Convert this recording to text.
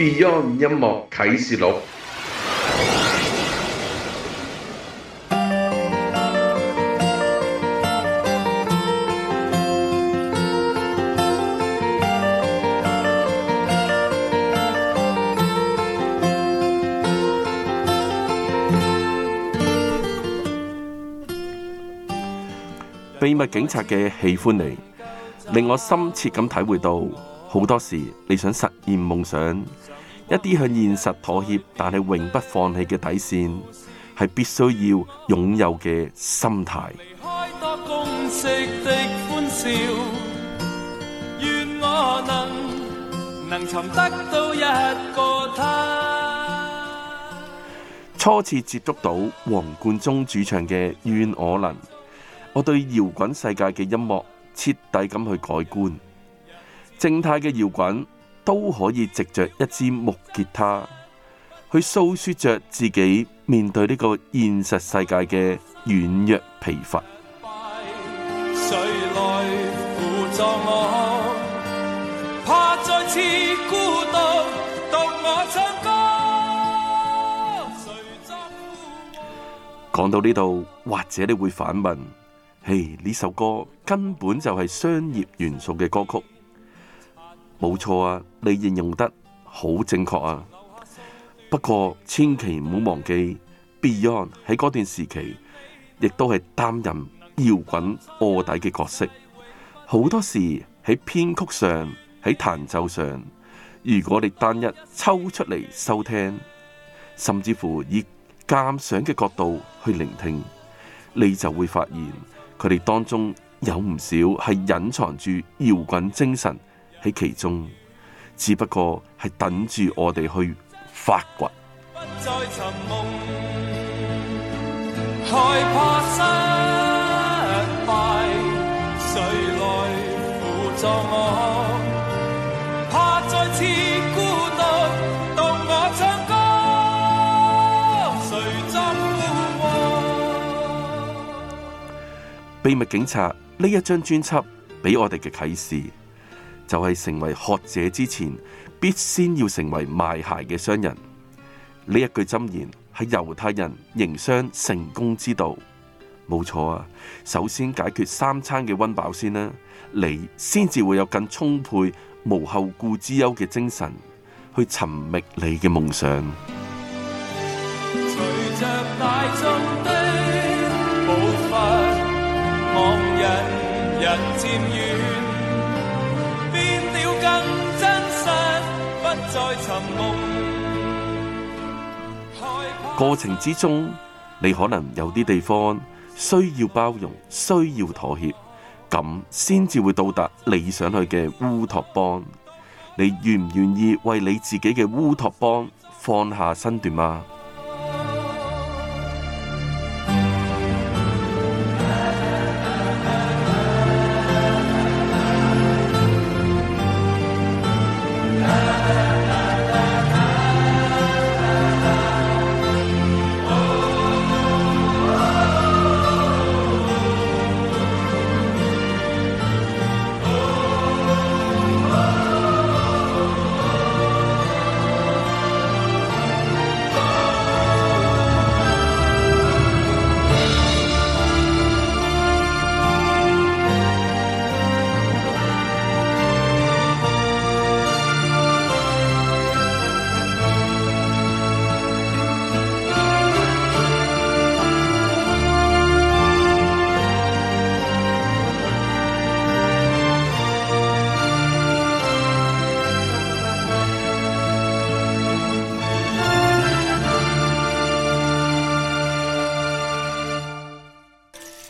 Beyond 音樂啟事錄，《秘密警察》嘅喜歡你，令我深切咁體會到。好多時你想實現夢想，一啲向現實妥協，但係永不放棄嘅底線，係必須要擁有嘅心態。初次接觸到黃貫中主唱嘅《願我能》，我對搖滾世界嘅音樂徹底咁去改觀。正態嘅搖滾都可以藉着一支木吉他去訴說着自己面對呢個現實世界嘅軟弱疲乏。講到呢度，或者你會反問：誒，呢首歌根本就係商業元素嘅歌曲。冇錯啊，你形容得好正確啊。不過千祈唔好忘記，Beyond 喺嗰段時期亦都係擔任搖滾臥底嘅角色。好多時喺編曲上、喺彈奏上，如果你單一抽出嚟收聽，甚至乎以鑑賞嘅角度去聆聽，你就會發現佢哋當中有唔少係隱藏住搖滾精神。喺其中，只不過係等住我哋去發掘。不再尋夢害怕失敗，誰來扶助我？怕再次孤獨，懂我唱歌？誰在乎我，秘密警察呢一張專輯俾我哋嘅啟示。就係成為學者之前，必先要成為賣鞋嘅商人。呢一句箴言係猶太人營商成功之道，冇錯啊！首先解決三餐嘅温飽先啦，你先至會有更充沛、無後顧之憂嘅精神去尋覓你嘅夢想。過程之中，你可能有啲地方需要包容，需要妥協，咁先至會到達你想去嘅烏托邦。你願唔願意為你自己嘅烏托邦放下身段啊？